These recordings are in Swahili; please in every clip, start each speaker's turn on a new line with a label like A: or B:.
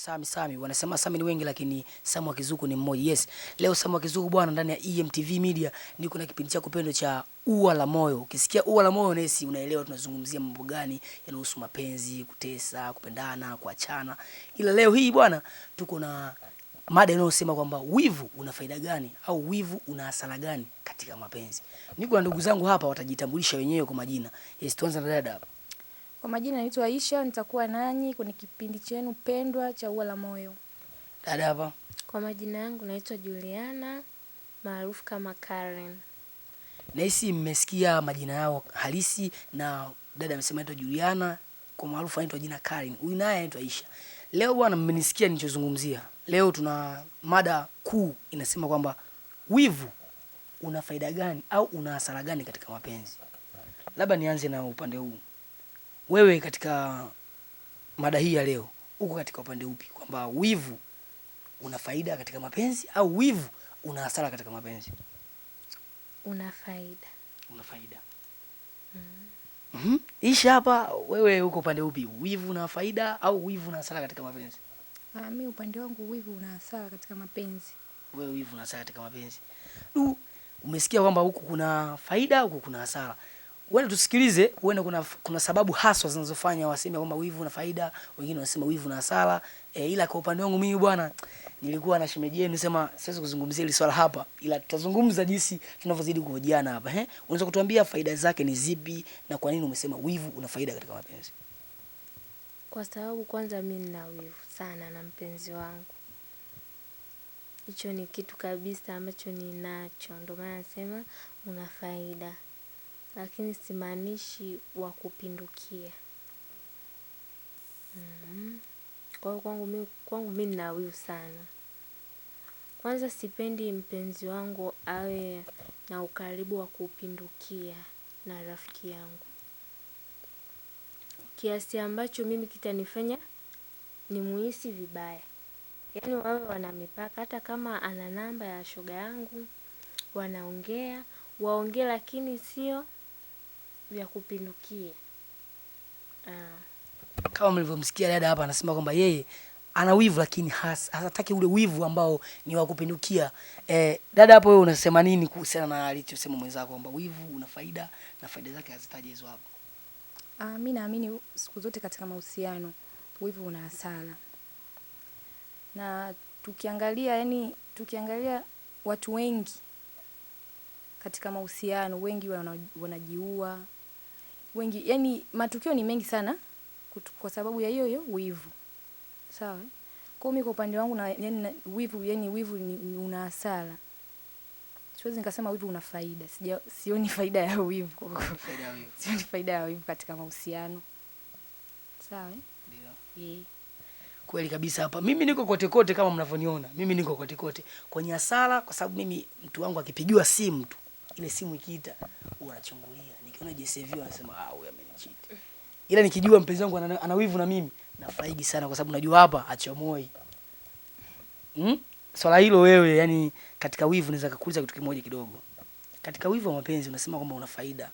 A: Sami Sami, wanasema Sami ni wengi lakini Sami wa Kizuku ni mmoja. Yes. Leo Sami wa Kizuku bwana, ndani ya EMTV Media niko na kipindi cha kupendo cha Ua la Moyo. Ukisikia Ua la Moyo nesi unaelewa tunazungumzia mambo gani yanahusu mapenzi, kutesa, kupendana, kuachana. Ila leo hii bwana tuko na mada inayosema kwamba wivu una faida gani au wivu una hasara gani katika mapenzi. Niko na ndugu zangu hapa watajitambulisha wenyewe kwa majina. Yes, tuanze na dada hapa.
B: Kwa majina naitwa Aisha, nitakuwa nanyi kwenye kipindi chenu pendwa cha Ua la Moyo. Dada hapa. Kwa majina yangu naitwa Juliana maarufu kama Karen.
A: Nahisi mmesikia majina yao halisi, na dada amesema anaitwa Juliana, kwa maarufu anaitwa jina Karen, huyu naye anaitwa Aisha. Leo bwana, mmenisikia nilichozungumzia. Leo tuna mada kuu inasema kwamba wivu una faida gani au una hasara gani katika mapenzi. Labda nianze na upande huu wewe katika mada hii ya leo uko katika upande upi, kwamba wivu una faida katika mapenzi au wivu una hasara katika mapenzi?
B: Una faida,
A: una faida. Mm. Mm -hmm. Isha hapa, wewe uko upande upi? Wivu una faida au wivu una hasara katika mapenzi?
B: Ah, mimi upande wangu wivu una hasara katika mapenzi.
A: Wewe wivu una hasara katika mapenzi. Du, umesikia kwamba huku kuna faida, huku kuna hasara. Wewe tusikilize, huenda kuna, kuna sababu haswa zinazofanya waseme kwamba wivu una faida, wengine wanasema wivu na hasara e, ila kwa upande wangu mimi bwana, nilikuwa na shemeji yenu sema siwezi kuzungumzia hili swala hapa, ila tutazungumza jinsi tunavyozidi kuhojiana hapa He, eh? Unaweza kutuambia faida zake ni zipi na kwa nini umesema wivu una faida katika mapenzi?
B: Kwa sababu kwanza mimi nina wivu sana na mpenzi wangu, hicho ni kitu kabisa ambacho ninacho, ndio maana nasema una faida lakini simaanishi wa kupindukia. Mm-hmm. Kwa hiyo kwangu kwangu mimi nina wivu sana. Kwanza sipendi mpenzi wangu awe na ukaribu wa kupindukia na rafiki yangu. Kiasi ambacho mimi kitanifanya muisi vibaya. Yaani wawe wana mipaka hata kama ana namba ya shoga yangu wanaongea, waongee lakini sio vya kupindukia.
A: Uh, kama mlivyomsikia dada hapa anasema kwamba yeye ana wivu lakini hataki ule wivu ambao ni wa kupindukia. Eh, dada hapo wewe unasema nini kuhusiana na alichosema mwenzako kwamba wivu una faida na faida zake hizo hapo?
B: Ah, mimi naamini siku zote katika mahusiano wivu una hasara. Na tukiangalia yani, tukiangalia watu wengi katika mahusiano wengi wanajiua wana wengi, yani matukio ni mengi sana kutu, kwa sababu ya hiyo hiyo wivu. Sawa? Kwa mimi kwa upande wangu na yani na, wivu yani wivu ni, ni una hasara. Siwezi nikasema wivu una faida. Sija sioni faida ya wivu. Faida Sioni faida ya wivu katika mahusiano. Sawa? Ndio. Eh.
A: Kweli kabisa hapa. Mimi niko kote kote kama mnavyoniona. Mimi niko kote kote. Kwenye hasara kwa sababu mimi mtu wangu akipigiwa simu tu ile simu ikiita unachungulia. Nikiona JCV anasema ah, huyu amenicheat. Ila nikijua mpenzi wangu ana wivu na mimi, nafaigi sana kwa sababu najua hapa achomoi. Mm? Swala hilo wewe, yani katika wivu unaweza kukuuliza kitu kimoja kidogo. Katika wivu wa mapenzi unasema kwamba una faida.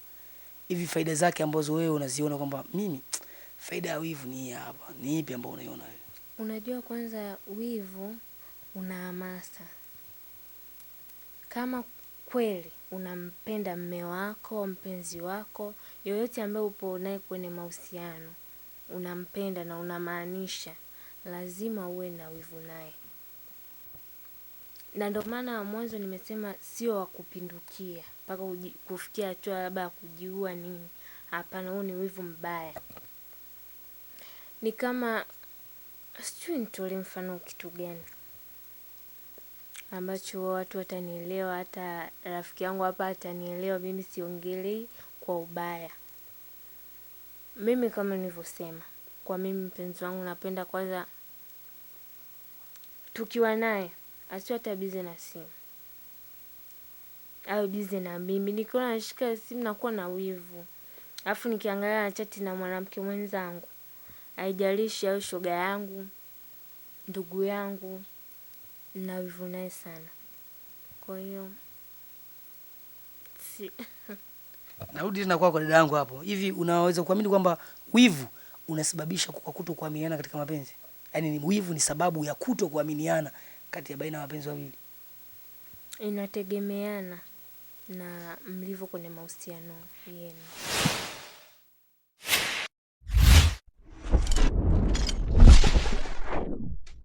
A: Hivi faida zake ambazo wewe unaziona kwamba mimi faida ya wivu ni hapa. Ni ipi ambayo unaiona wewe?
B: Unajua, kwanza wivu una hamasa. Kama kweli unampenda mme wako, mpenzi wako, yoyote ambaye upo naye kwenye mahusiano, unampenda na unamaanisha, lazima uwe na wivu naye. Na ndio maana mwanzo nimesema sio wa kupindukia mpaka kufikia hatua labda ya kujiua nini. Hapana, huu ni wivu mbaya. Ni kama sijui nitolee mfano kitu gani ambacho watu watanielewa, hata rafiki yangu hapa atanielewa, mimi siongelei kwa ubaya. Mimi kama nilivyosema, kwa mimi mpenzi wangu napenda kwanza tukiwa naye asiwe hata bize na simu, awe bize na mimi. Nikiona nashika simu nakuwa na wivu, alafu nikiangalia na chati na mwanamke mwenzangu, haijalishi au shoga yangu, ndugu yangu na naye sana, kwa hiyo
A: si narudi tena kwako dada yangu hapo. Hivi unaweza kuamini kwamba wivu unasababisha kwa kuaminiana katika mapenzi? Yaani ni wivu ni sababu ya kuto kuaminiana kati ya baina ya wapenzi wawili?
B: Inategemeana na mlivyo kwenye mahusiano yenu.